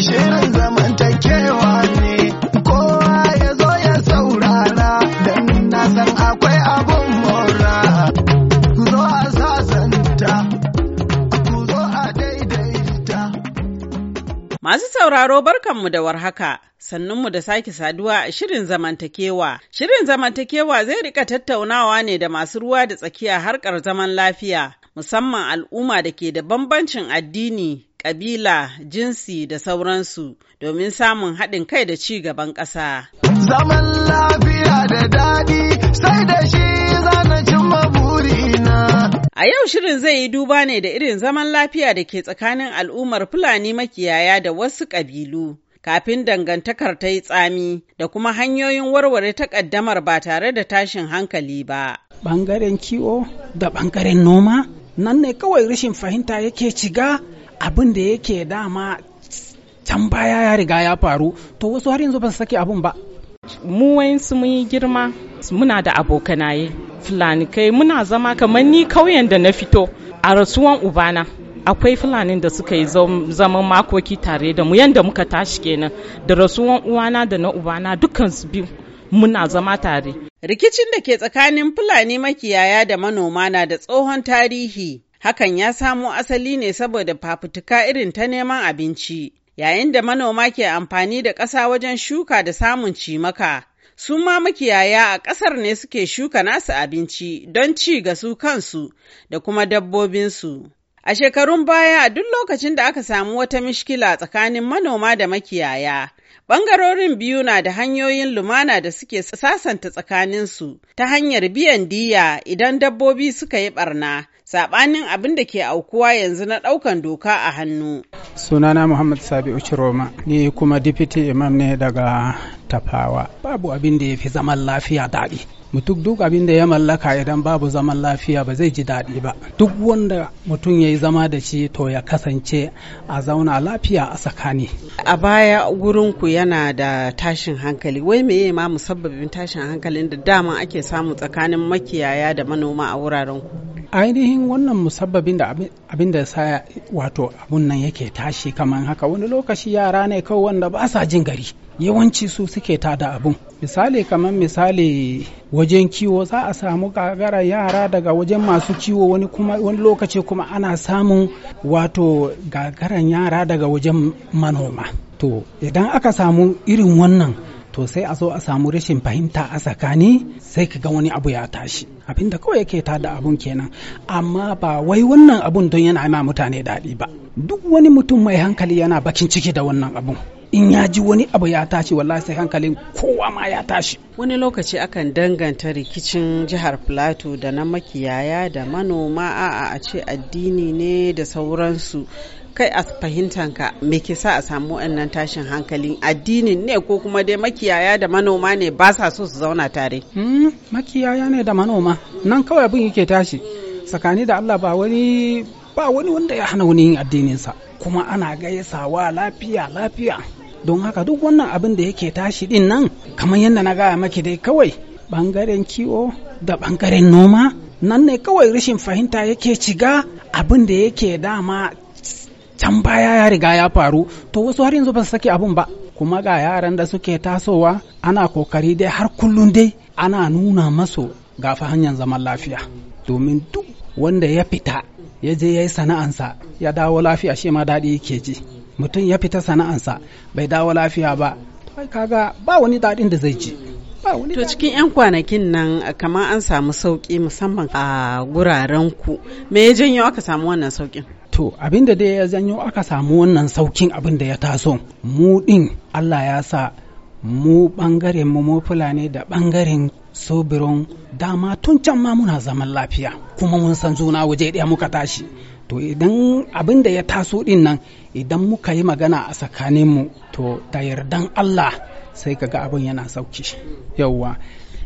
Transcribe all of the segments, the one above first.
Shirin zamantakewa ne kowa yazo ya don abun Ku Masu sauraro barkanmu da warhaka. sannunmu da sake saduwa a shirin zamantakewa. Shirin zamantakewa zai rika tattaunawa ne da masu ruwa da tsakiya harkar zaman lafiya musamman al'umma da ke da bambancin addini, ƙabila, jinsi da sauransu domin samun haɗin kai da ci gaban ƙasa. Zaman lafiya da daɗi sai da shi cimma burina. A yau shirin zai yi duba ne da irin zaman lafiya da ke tsakanin al'ummar Fulani makiyaya da wasu ƙabilu. kafin dangantakar ta yi tsami da kuma hanyoyin warware takaddamar ba tare da tashin hankali ba. Bangaren kiwo da bangaren noma nan ne kawai rashin fahimta yake ciga abin da yake dama can baya ya riga ya faru to wasu har yanzu ba su sake abin ba mu su mun yi girma muna da abokanaye fulani kai muna zama kamar ni kauyen da na fito a rasuwan ubana akwai fulanin da suka yi zaman makoki tare da mu yadda muka tashi kenan da rasuwan uwana da na ubana dukkan su biyu muna zama tare. Rikicin da ke tsakanin Fulani makiyaya da manoma na da tsohon tarihi, hakan ya samo asali ne saboda fafutuka irin ta neman abinci. Yayin da manoma ke amfani da ƙasa wajen shuka da samun cimaka, su ma makiyaya a ƙasar ne suke shuka nasu abinci don ci ga su kansu da kuma dabbobinsu. A shekarun baya duk lokacin da aka samu wata mishkila tsakanin manoma da makiyaya, Bangarorin biyu na da hanyoyin lumana da suke sasanta tsakaninsu ta hanyar biyan diya idan dabbobi suka yi barna, saɓanin abin da ke aukuwa yanzu na ɗaukan doka a hannu. Sunana Muhammad Sabi'u Uchiroma ni kuma Deputy Imam ne daga Tafawa. Babu abin da ya fi zaman lafiya daɗi. mutum duk abin da ya mallaka idan babu zaman lafiya ba zai ji daɗi ba duk wanda mutum ya yi zama da shi to ya kasance a zauna lafiya a tsakani a baya gurinku yana da tashin hankali wai meye ma musabbabin tashin hankalin da dama ake samu tsakanin makiyaya da manoma a wuraren ku ainihin wannan musabbabin da abin da sa wato abun nan yake tashi kamar haka wani lokaci yara ne kawai wanda ba sa jin gari yawanci su suke tada abun misali kamar misali wajen kiwo za a samu gagara yara daga wajen masu kiwo wani kuma wani lokaci kuma ana samun wato gagaran yara daga wajen manoma to idan aka samu irin wannan to sai a zo a samu rashin fahimta a tsakani sai ka ga wani abu ya tashi abin da kawai yake tada abun kenan amma ba wai wannan abun don yana ma mutane daɗi ba duk wani mutum mai hankali yana bakin ciki da wannan abun in ya ji wani abu ya tashi wallahi sai hankalin kowa ma ya tashi wani lokaci akan danganta rikicin jihar plateau da na makiyaya da manoma a'a a ce addini ne da sauransu kai a fahimtanka me ke sa a samu wannan tashin hankalin addinin ne ko kuma dai makiyaya da manoma ne ba sa so su zauna tare hmm, makiyaya ne da manoma nan kawai abin yake tashi tsakani da allah ba wani ba wani wanda ya hana wani yin addininsa kuma ana gaisawa lafiya lafiya don haka duk wannan abin da yake tashi din nan kamar yadda na gaya maki dai kawai bangaren kiwo da ɓangaren noma nan ne kawai rashin fahimta yake ciga abin da yake dama can baya ya riga ya faru to wasu har yanzu ba su sake abin ba kuma ga yaran da suke tasowa ana kokari dai har kullum dai ana nuna masu gafa hanyar zaman lafiya domin duk wanda ya fita ya je ya yi sana'ansa ya dawo lafiya shi ma daɗi yake ji mutum ya fita sana'ansa bai dawo lafiya ba kaga ba wani daɗin da zai ji to cikin 'yan kwanakin nan kamar an samu sauƙi musamman a guraren me ya janyo aka samu wannan sauƙin to abin da dai ya janyo aka samu wannan sauƙin abin da ya taso mu ɗin allah ya sa mu ɓangaren mu mu fulani da ɓangaren sobiron dama tun can ma muna zaman lafiya kuma mun san juna waje ɗaya muka tashi to idan abin da ya taso ɗin nan idan muka yi magana a tsakanin mu to ta yardan Allah sai kaga abin yana sauki yauwa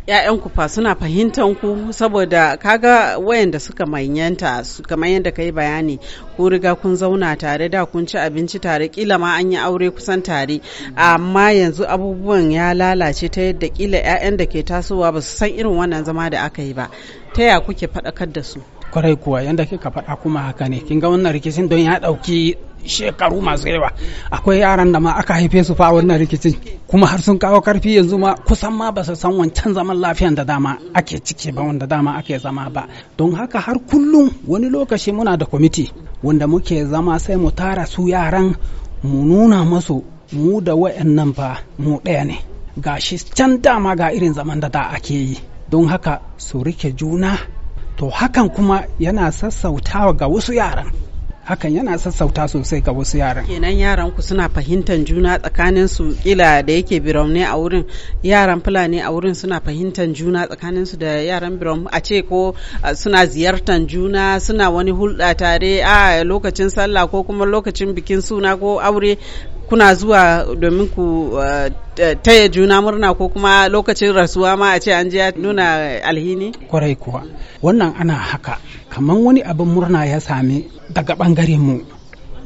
‘ya'yanku fa suna fahimtar ku saboda kaga wayanda suka manyanta kamar yadda ka yi bayani ku riga kun zauna tare da kun ci abinci tare kila ma an yi aure kusan tare amma yanzu abubuwan ya lalace ta yadda kila ‘ya'yan da ke tasowa ba su san irin wannan zama da aka yi ba ta ya kuke faɗakar da su kwarai kuwa yadda kika faɗa kuma haka ne kin ga wannan rikicin don ya ɗauki shekaru masu yawa akwai yaran da ma aka haife su fa wannan rikicin kuma har sun kawo karfi yanzu ma kusan ma ba su san wancan zaman lafiyan da dama ake ciki ba wanda dama ake zama ba don haka har kullum wani lokaci muna da kwamiti wanda muke zama sai mu tara su yaran mu nuna masu mu da wa'annan ba mu ɗaya ne ga shi can dama ga irin zaman da da ake yi don haka su rike juna to hakan kuma yana sassautawa ga wasu yaran hakan yana sassauta sosai ga wasu yaran kenan yaran ku suna fahimtar juna tsakanin su kila da yake birom a wurin yaran fulani a wurin suna fahimtar juna tsakanin su da yaran birom a ce ko suna ziyartar juna suna wani hulɗa tare a lokacin sallah ko kuma lokacin bikin suna ko aure kuna zuwa domin ku uh, taya juna murna ko kuma lokacin rasuwa ma a ce an je nuna alhini? Kwarai kuwa. Wannan ana haka, kamar wani abin murna ya sami daga bangaren mu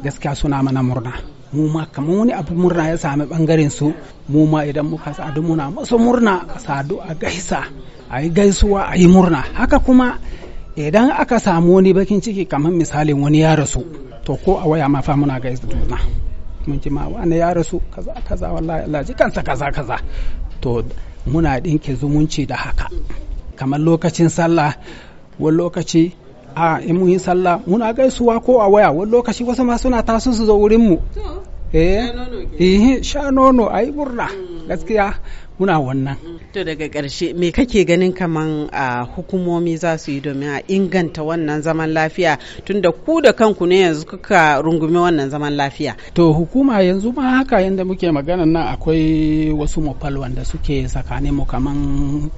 gaskiya suna mana murna. mu ma kamar wani abin murna ya sami bangaren su mu ma idan muka sadu muna masu murna a sadu a gaisa a yi gaisuwa a yi murna haka kuma idan aka samu wani bakin ciki kamar misalin wani ya rasu to ko a waya ma fa muna gaisa juna mun ji ma wani ya rasu kaza kaza wallahi Allah ji kansa kaza kaza to muna ɗinke zumunci da haka kamar lokacin sallah wani lokaci a in mun yi sallah muna gaisuwa ko a waya wani lokaci wasu ma suna taso su zo wurin mu eh sha nono eh, a yi murna mm. gaskiya muna wannan mm. to daga ƙarshe me kake ganin kaman a hukumomi za su yi domin a inganta wannan zaman lafiya tunda ku da kanku ne yanzu kuka rungumi wannan zaman lafiya to hukuma yanzu ma haka yadda muke magana nan akwai wasu mafal wanda suke tsakanin mu kaman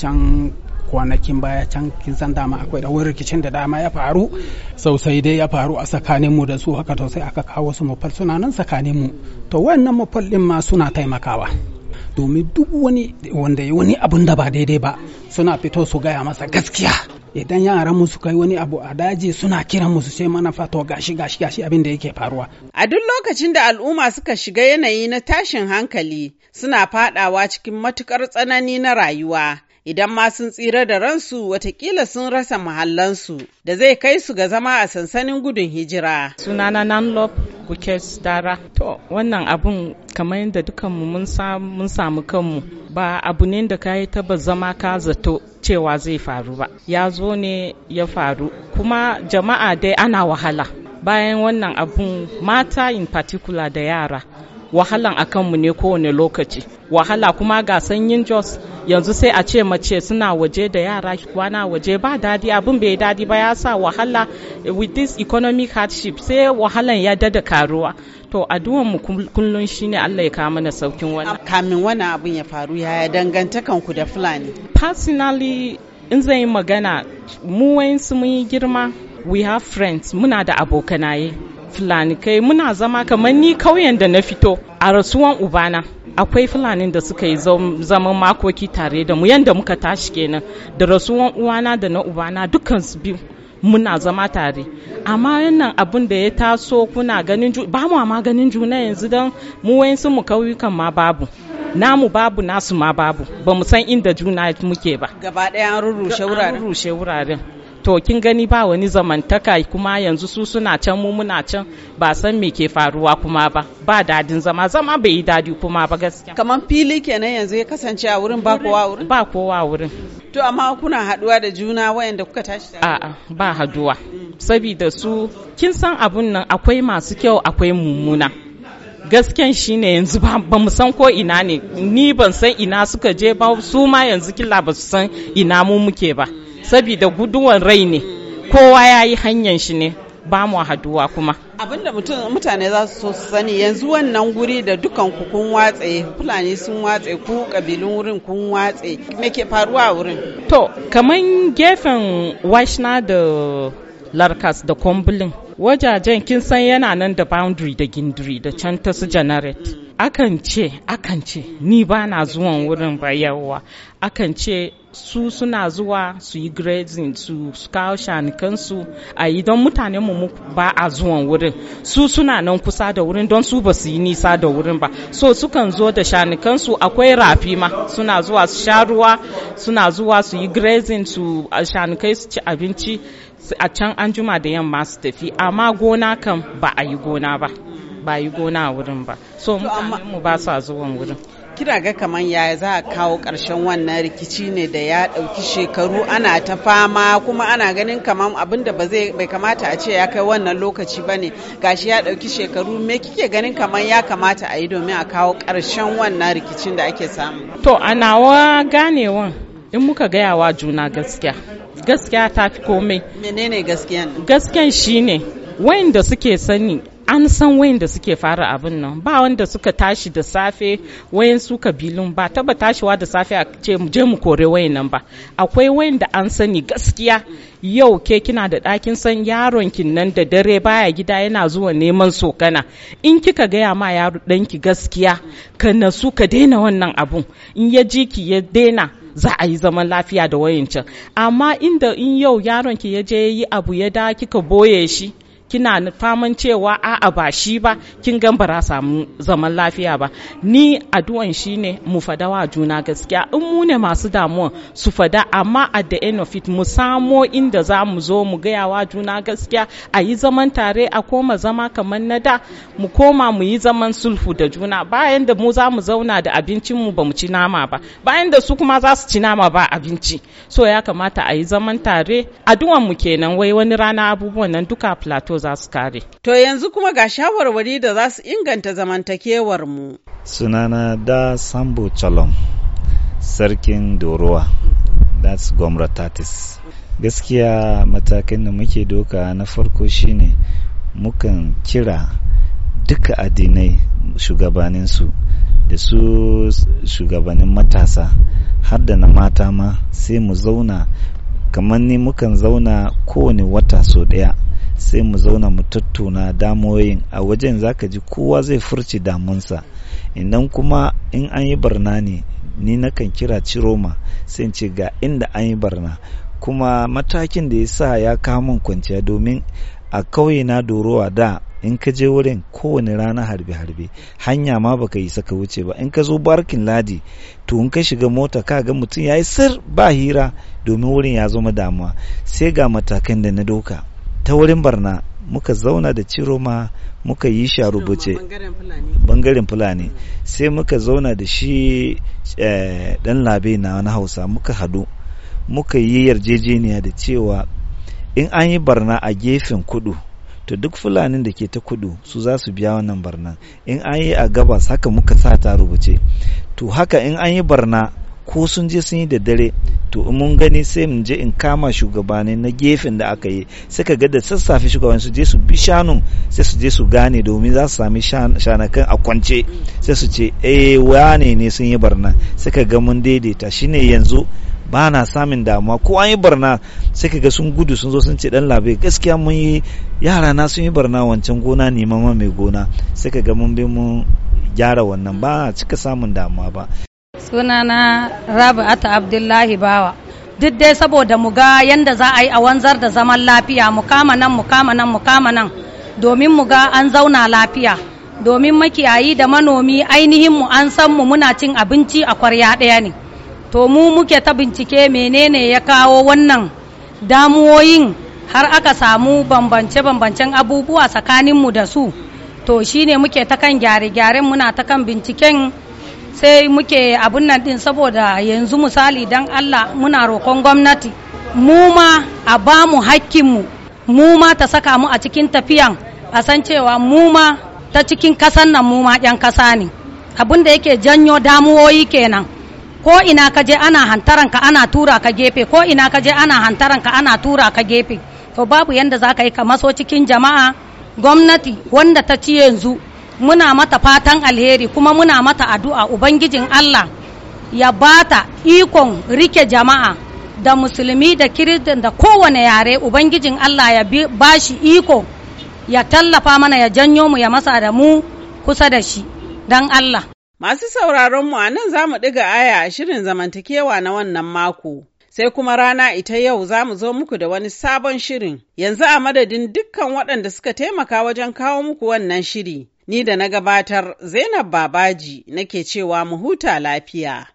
can kwanakin baya can kin san dama akwai da rikicin da dama ya faru sosai dai ya faru a tsakanin mu da su haka to sai aka kawo su mafal suna nan tsakanin mu to wannan mafal din ma suna taimakawa domin duk wani wanda ya wani abun da ba daidai ba suna fito su gaya masa gaskiya idan yaran mu suka yi wani abu a daji suna kiran mu su ce mana fato gashi gashi gashi abin da yake faruwa a duk lokacin da al'umma suka shiga yanayi na tashin hankali suna fadawa cikin matukar tsanani na rayuwa idan ma sun tsira da ransu watakila sun rasa mahallansu da zai kai su ga zama a sansanin gudun hijira. Sunana Nanlop Gukes Dara. To, wannan abun kamar yadda dukanmu mun samu kanmu ba abu ne da ka yi taba zama ka zato cewa zai faru ba. Ya zo ne ya faru. Kuma jama'a dai ana wahala. bayan wannan abun mata in particular da yara wahalan a kanmu ne kowane lokaci wahala kuma ga sanyin jos yanzu sai a ce mace suna waje da yara kwana waje ba dadi abin bai dadi ba ya sa wahala with this economic hardship sai wahalan ya dada karuwa to addu'an mu kullun shine Allah ya kawo mana saukin wannan kamin wannan abin ya faru ya dangantakan ku da fulani personally in zan yi magana mu wayansu mun yi girma we have friends muna da abokanaye fulani kai muna zama kamar ni kauyen da na fito a rasuwan ubana akwai fulani da suka yi zaman makoki tare da mu yadda muka tashi kenan da rasuwan uwana da na ubana dukkan su biyu muna zama tare amma wannan abin da ya taso kuna ganin ba mu ma ganin juna yanzu don mu wayansu mu kauyukan ma babu namu babu nasu ma babu ba mu san inda juna muke ba gaba wurare. an rurrushe wuraren to kin gani ba wani zamantaka kuma yanzu su suna can mu muna can ba san me ke faruwa kuma ba ba dadin zama zama bai yi dadi kuma ba gaskiya kamar fili kenan yanzu ya kasance a wurin ba kowa wurin ba kowa wurin to amma kuna haduwa da juna wayanda kuka tashi a'a ba haduwa saboda su kin san abun nan akwai masu kyau akwai mummuna gasken ne yanzu ba mu san ko ina ne ni ban san ina suka je ba su ma yanzu killa ba su san ina mu muke ba sabida guduwan rai ne kowa ya yi hanyar shi ne ba mu haduwa kuma abinda mutane za su sani yanzu wannan guri da dukan ku kun watse fulani sun watse ku kabilun wurin kun watse me ke faruwa a wurin to kamar gefen washna da larkas da kombulin wajajen kin san yana nan da boundary da gindiri da can ta su generate akan ce akan ce ni ba na zuwan wurin bayarwa akan ce su suna zuwa su yi grazing su kawo shanikansu a yi don mutane mu ba a zuwan wurin su suna nan kusa da wurin don su ba su yi nisa da wurin ba so sukan zo da shanikansu akwai rafi ma suna zuwa su sha ruwa suna zuwa su yi grazing su shanikai su ci abinci a can an juma da yamma su tafi amma gona kan ba a yi gona ba ba yi gona a wurin ba so mutane mu ba sa zuwan wurin kira ga kamar ya za a kawo ƙarshen wannan rikici ne da ya ɗauki shekaru ana ta fama kuma ana ganin kamar abin da bai kamata a ce ya kai wannan lokaci ba ne gashi ya ɗauki shekaru me kike ganin kamar ya kamata a yi domin a kawo ƙarshen wannan rikicin da ake samu. To a nawa ganewan in muka gayawa wa juna gaskiya gaskiya ta fi komai. Menene gaskiyan? Gaskiyan shine wayanda suke sani an san wayanda suke fara abin nan ba wanda suka tashi da safe wayan su kabilun ba taba tashiwa da safe a ce je mu kore wayan nan ba akwai wayan da an sani gaskiya yau ke kina da ɗakin san yaron kin nan da dare baya gida yana zuwa neman sokana in kika gaya ma yaro ɗanki gaskiya ka nasu ka daina wannan abun in ya ji ki ya daina za a yi zaman lafiya da wayancin amma inda in yau yaron ki ya je yi abu ya da kika boye shi kina faman cewa a'a ba shi ba kin gan ba samu zaman lafiya ba ni addu'an shine mu fada wa juna gaskiya in mu ne masu damuwa su fada amma at the end of it mu samo inda za mu zo mu gaya wa juna gaskiya a yi zaman tare a koma zama kamar na da mu koma mu yi zaman sulhu da juna bayan da mu za mu zauna da abincin mu ba mu ci nama ba bayan da su kuma za su ci nama ba abinci so ya kamata a yi zaman tare addu'an mu kenan wai wani rana abubuwan nan duka plateau za su kare. To yanzu kuma ga shawarwari da za su inganta zamantakewar mu. Sunana da Sambo Chalom, Sarkin Doruwa, that's tatis Gaskiya matakin da muke doka na farko shine mukan kira duka addinai shugabaninsu da su shugabannin matasa har da na mata ma sai mu zauna kamar ni mukan zauna kowane wata so ɗaya sai mu zauna mu tattuna damoyin a wajen zaka ji kowa zai furci damunsa idan kuma in an yi barna ne ni nakan kira ciroma sai ce ga inda an yi barna kuma matakin da ya sa ya kamun kwanciya domin a kauye na dorowa da in ka je wurin kowane rana harbe-harbe hanya ma baka yi saka wuce ba in ka zo barkin ladi to in ka shiga mota ka ga mutum ya yi sir ba hira domin wurin ya zama damuwa sai ga matakan da na doka ta wurin barna muka zauna da ciroma muka yi a rubuce bangaren fulani sai muka zauna da shi dan eh, labe na wani hausa muka hadu muka yi yarjejeniya da cewa in an yi barna a gefen kudu to duk fulanin da ke ta kudu su za su biya wannan barna in an yi a gabas haka muka sa ta rubuce to haka in an yi barna ko sun je sun yi da dare to mun gani sai mun je in kama shugabanni na gefen da aka yi sai ka ga da sassafe shugabanni su je su bi shanun sai su je su gane domin za su sami shanakan a kwance sai su ce eh wane ne sun yi barna sai ka ga mun daidaita shine yanzu ba na samun damuwa ko an yi barna sai ka ga sun gudu sun zo sun ce dan labe gaskiya mun yi yara na sun yi barna wancan gona neman mai gona sai ka ga mun bi mun gyara wannan ba cika samun damuwa ba sunana ata abdullahi bawa duk dai saboda mu ga yadda za a yi a wanzar da zaman lafiya mu kama nan mu kama nan mu kama nan domin mu ga an zauna lafiya domin makiyayi da manomi ainihin mu an san mu muna cin abinci a kwarya ɗaya ne to mu muke ta bincike menene ya kawo wannan damuwoyin har aka samu bambance-bambancen abubuwa tsakaninmu da su to shine muke ta kan gyare-gyaren muna ta kan binciken sai muke abun nan din saboda yanzu misali dan Allah muna rokon gwamnati mu ma a ba mu hakkinmu mu ma ta saka mu a cikin tafiyan a san cewa mu ma ta cikin kasan nan mu ma 'yan kasa ne abun da yake janyo damuwoyi kenan ko ina ka je ana hantaran ka ana tura ka gefe ko ina ka je ana hantaran ka ana tura ka gefe to babu yanda za ka yi ka maso cikin jama'a gwamnati wanda ta ci yanzu muna mata fatan alheri kuma muna mata addu'a ubangijin Allah ya bata ikon rike jama'a da musulmi da kiristan da kowane yare ubangijin Allah ya ba shi iko ya tallafa mana ya janyo mu ya masa da mu kusa da shi don Allah. Masu sauraron mu a nan za mu ɗiga aya a shirin zamantakewa na wannan mako. sai kuma rana ita yau za mu zo muku da wani sabon shirin yanzu a madadin dukkan waɗanda suka taimaka wajen kawo muku wannan shiri Ni da na gabatar Zainab Babaji nake cewa mu huta lafiya.